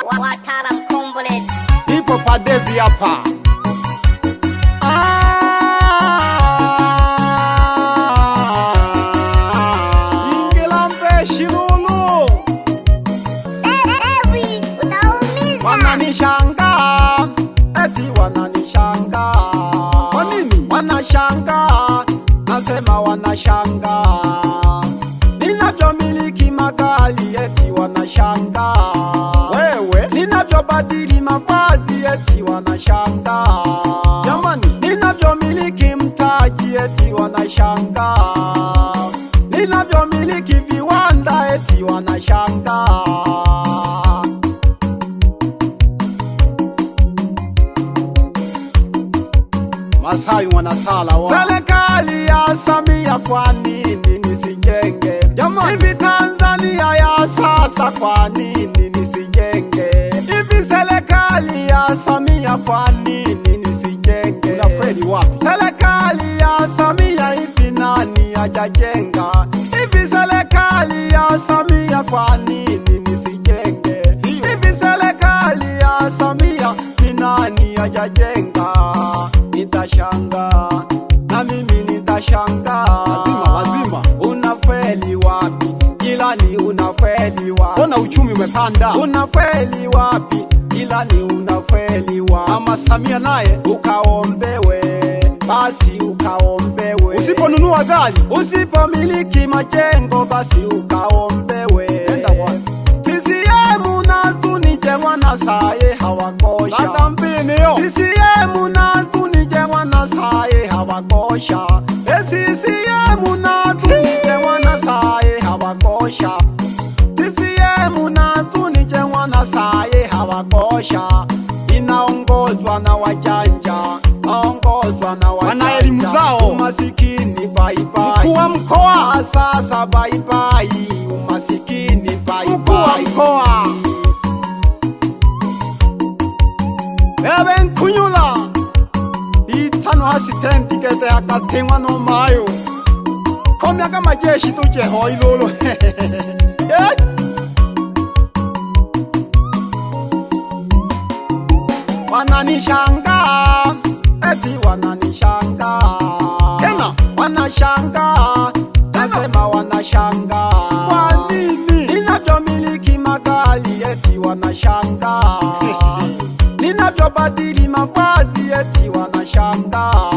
watala mkombolezi ipo padevi hapa ah! ingilambeshilulu eh, eh, eh, utaumiza wananishanga wanashangaa jamani, ninavyomiliki mtaji eti wanashangaa, ninavyomiliki viwanda eti wanashanga. Masai wanasala wa serikali ya Samia, kwa nini nisijenge jamani? Hivi Tanzania ya sasa, kwa nini Serikali ya Samia, kwa nini nisijenge? Una Fredi wapi? Serikali ya Samia, hivi nani hajajenga? Hivi serikali ya Samia, kwa nini nisijenge? Hivi serikali ya Samia, ni nani hajajenga? Nitashangaa na mimi nitashangaa, lazima lazima. Una unafeli wapi? una unafeli wapi? Ona uchumi umepanda, unafeli wapi? ndani unafeliwa. Mama Samia naye ukaombewe, basi ukaombewe. Usiponunua gari, usipomiliki majengo ikhoa beabenkhunyula diithano asitheng dikete ya ka thengwa no mayo khomi aka maki exito keho ilolo eh? wananixanga eti wananixanga ena wanaxangaa waliobadili mavazi eti wanashangaa,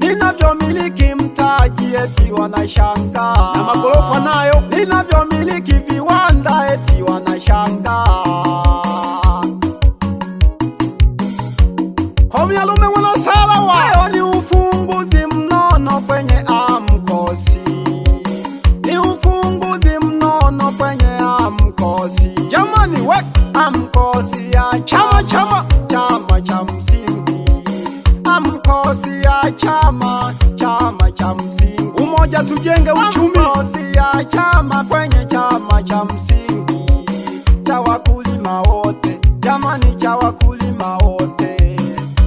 ninavyomiliki mtaji eti wanashanga na magorofa nayo ninavyomiliki viwanda eti wanashangaa. Komyalume wanasa chama, chama cha msingi umoja, tujenge uchumi ya chama kwenye chama cha msingi cha wakulima wote, jamani, cha wakulima wote,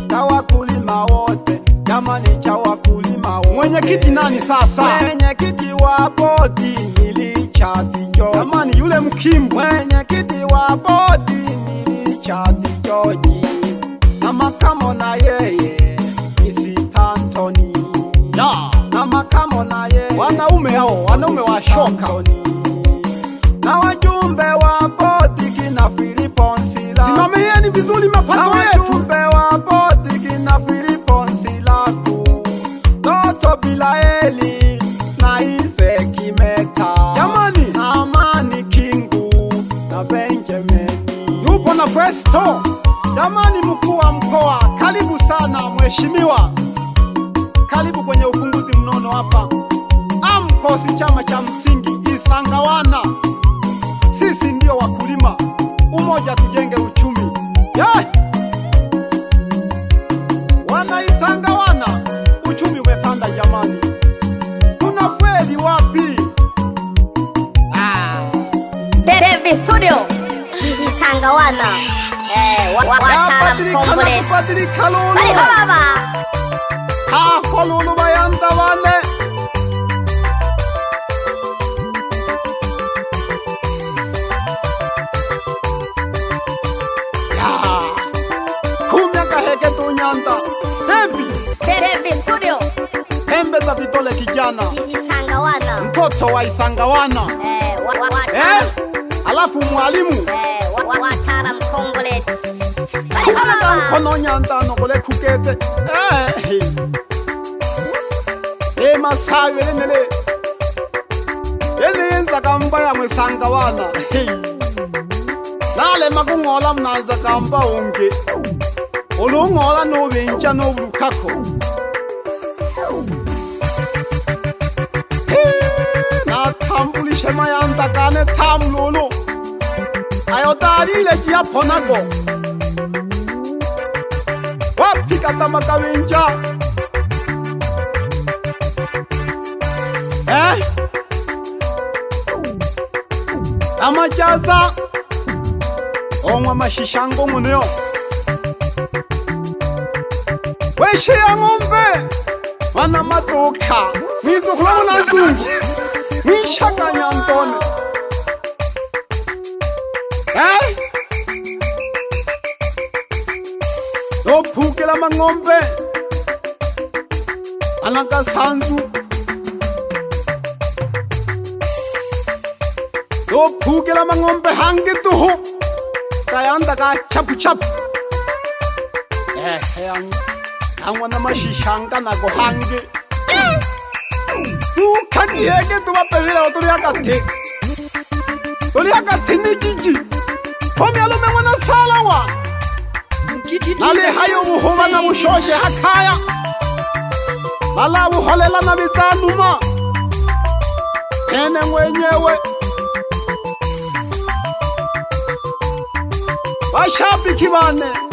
cha wakulima wote, jamani, cha wakulima wote. Mwenyekiti nani sasa? Mwenyekiti wa bodi nilichati jo, jamani, yule mkimbo mwenyekiti wa bodi wanaume hao, wanaume wa shoka na wajumbe wa Botiki na Filipo Nsila, simamieni vizuri mapato yetu, wajumbe wa bodi kina Filipo Nsila, bila eli na ise Kimeta, jamani, Amani Kingu na Benjamini yupo na Festo, jamani, mkuu wa mkoa, karibu sana mheshimiwa, karibu kwenye ufunguzi mnono hapa. Kikosi chama cha msingi Isangawana, sisi ndio wakulima, umoja tujenge uchumi yeah! Wana Isangawana, uchumi umepanda jamani, kuna kweli wapi? Ah. TV Studio Isangawana, eh, wataalamu kongole baba bayanda Manda Tembi Tembi Studio Pembe za vidole kijana Isangawana Mtoto wa Isangawana Eh, wa, wa, eh? Alafu mwalimu Eh, wa, wa, watara mkongoleti Kumega mkono nyanda nogole kugete Eh Ema eh, sawe lenele Yene yenza kamba ya Hey Nale magungola mnanza kamba unge Oh olunkora nubinca nuburukako natambula ishema yandagane tamululu ayodalile kiyaponago wapikatamatabinca eh? amajaza onwa mashishango muneyo weshiya ng'ombe vana matoka mitukhulavona ncuci mixakanya ntona e yo phukela mang'ombe anaka sandzu yo phukela mang'ombe hangi tuhu kayanda ka chap chapu chapu eheya hangwa na mashishanka nako hange uphakiyeke tuvapelela otoliakathika toliakathini cici khomialumengwe na sala wa alihayo vuhuva na vuxoxe akhaya vala vuholela na vitsanduma ene n'wenyewe vaxapikhi vanene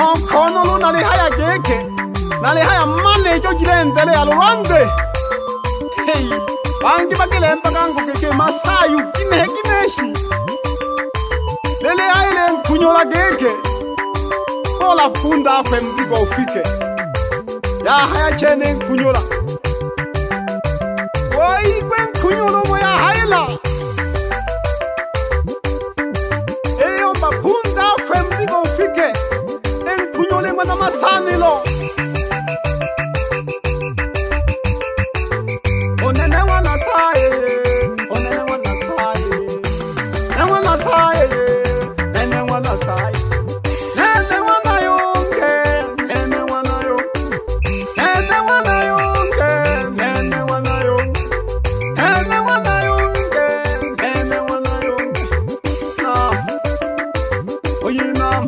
ɔhɔnulu na le haya keke na le haya mane tso dzi le ntɛlɛ alo lɔnde hei bangi ba kele mpaka ŋgo keke masayu kinehe kineshi lele haye le nkunyo la keke ko la funda afɛ mbigo ofike ya haya tsene nkunyo la woyi kwe nkunyo lomo ya haye la.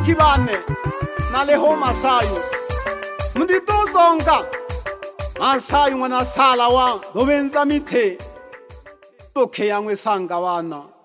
abariki bane naleho masayo mndidozonga masayo mwana sala wa dobenza mite doke yamwe sanga wana